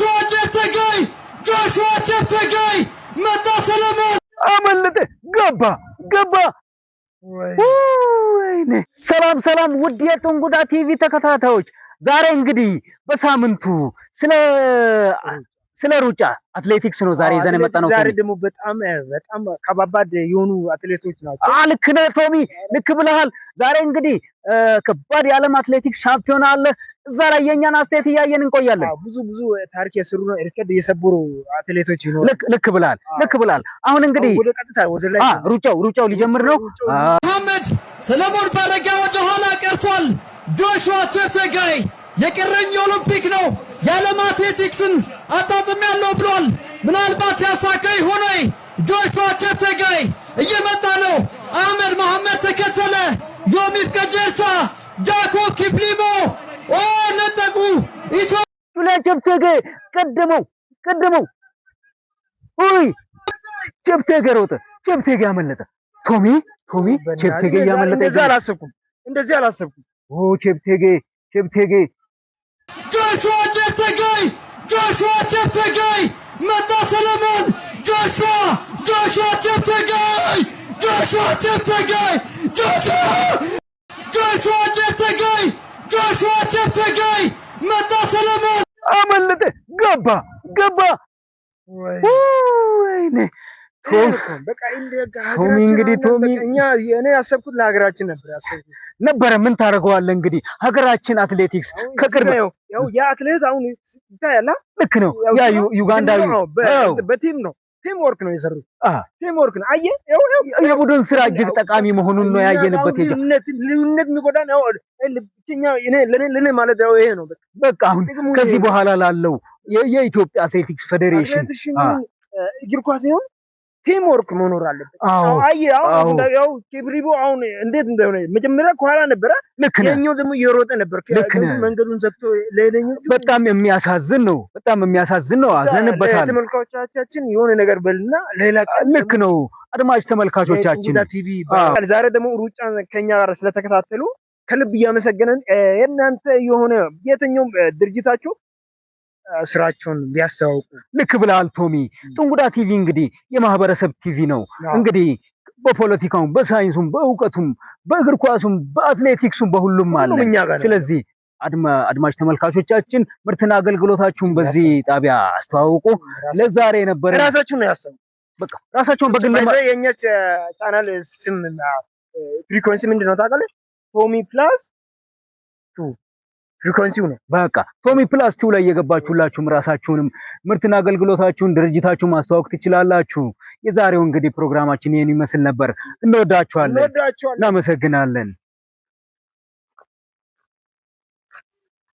ጆሹዋ ቸርተጋይ ጆሹዋ ቸርተጋይ መጣ። ሰለሞን አመለጠ፣ ገባ ገባ። ወይኔ! ሰላም ሰላም! ውድ የጥንጉዳ ቲቪ ተከታታዮች ዛሬ እንግዲህ በሳምንቱ ስለ ስለ ሩጫ አትሌቲክስ ነው ዛሬ ይዘን የመጣ ነው። ዛሬ ደግሞ በጣም በጣም ከባባድ የሆኑ አትሌቶች ናቸው። ልክ ነህ ቶሚ፣ ልክ ብለሃል። ዛሬ እንግዲህ ከባድ የዓለም አትሌቲክስ ሻምፒዮና አለ። እዛ ላይ የእኛን አስተያየት እያየን እንቆያለን። ብዙ ብዙ ታሪክ የሰሩ ሪከርድ የሰበሩ አትሌቶች ይኖሩ። ልክ ብላል፣ ልክ ብላል። አሁን እንግዲህ ሩጫው ሩጫው ሊጀምር ነው። መሐመድ ሰለሞን ባረጋ ወደ ኋላ ቀርቷል። ጆሹዋ ቸርቴጋይ የቀረኝ ኦሎምፒክ ነው የዓለም አትሌቲክስን አጣጥም ያለው ብሏል። ምናልባት ያሳካ ይሆን? ጆሹዋ ቸርቴጋይ እየመጣ ነው። አህመድ መሐመድ ተከተለ። ዮሚፍ ቀጀርቻ፣ ጃኮብ ኪፕሊሞ ነጠቁ። ዱላ ጨብተገ ቀደመው ቀደመው። ኦይ ጨብተገ ሮጠ፣ ጨብተገ ያመለጠ። ቶሚ ቶሚ ጨብተገ ያመለጠ። እንደዚህ አላሰብኩም፣ እንደዚህ አላሰብኩም። ኦ ጨብተገ ጨብተገ ጆሹዋ ጨብተጋይ ጆሹዋ ጨብተጋይ መጣ ሰለሞን ጆሹዋ ጆሹዋ ጨብተጋይ ጆሹዋ ጨብተጋይ ጆሹዋ ቸብተጋይ መጣ ሰለሞን አመለጠ ገባ ገባ። ወይኔ ቶሚ እንግዲህ ቶሚ እኔ ያሰብኩት ለሀገራችን ነበር ያሰብኩት ነበረ። ምን ታደርገዋለህ እንግዲህ ሀገራችን አትሌቲክስ ከቅርብ ያው የአትሌት አሁን ልክ ነው ያ ዩጋንዳዊ በቲም ነው ቲም ወርክ ነው የሰሩት። ቲም ወርክ ነው አየ የቡድን ስራ እጅግ ጠቃሚ መሆኑን ነው ያየንበት። ልዩነት የሚጎዳ ለእኔ ማለት ይሄ ነው። በቃ አሁን ከዚህ በኋላ ላለው የኢትዮጵያ አትሌቲክስ ፌዴሬሽን እግር ኳስ ሲሆን ቲምወርክ መኖር አለበት። አየህ አሁን ያው ኬብሪቦ አሁን እንዴት እንደሆነ መጀመሪያ ከኋላ ነበረ፣ የኛው ደግሞ እየሮጠ ነበር፣ መንገዱን ዘግቶ ለሄደኛው። በጣም የሚያሳዝን ነው፣ በጣም የሚያሳዝን ነው። አዝነንበታል። ተመልካቾቻችን የሆነ ነገር በልና ሌላ ልክ ነው። አድማጭ ተመልካቾቻችን ዛሬ ደግሞ ሩጫ ከኛ ጋር ስለተከታተሉ ከልብ እያመሰገነን እናንተ የሆነ የትኛውም ድርጅታችሁ ስራቸውን ቢያስተዋውቁ። ልክ ብለሃል ቶሚ። ጥንጉዳ ቲቪ እንግዲህ የማህበረሰብ ቲቪ ነው። እንግዲህ በፖለቲካውም፣ በሳይንሱም፣ በእውቀቱም፣ በእግር ኳሱም፣ በአትሌቲክሱም በሁሉም አለ። ስለዚህ አድማጭ ተመልካቾቻችን ምርትና አገልግሎታችሁን በዚህ ጣቢያ አስተዋውቁ። ለዛሬ የነበረ ራሳችሁን ነው ያሰሙ በቃ ራሳቸውን በግል የኛ ቻናል ስም ፍሪኮንሲ ምንድን ነው ታውቃለህ? ቶሚ ፕላስ ቱ ፍሪኮንሲው ነው። በቃ ቶሚ ፕላስ ቲው ላይ የገባችሁላችሁም ራሳችሁንም ምርትና አገልግሎታችሁን ድርጅታችሁን ማስተዋወቅ ትችላላችሁ። የዛሬው እንግዲህ ፕሮግራማችን ይህን ይመስል ነበር። እንወዳችኋለን፣ እናመሰግናለን።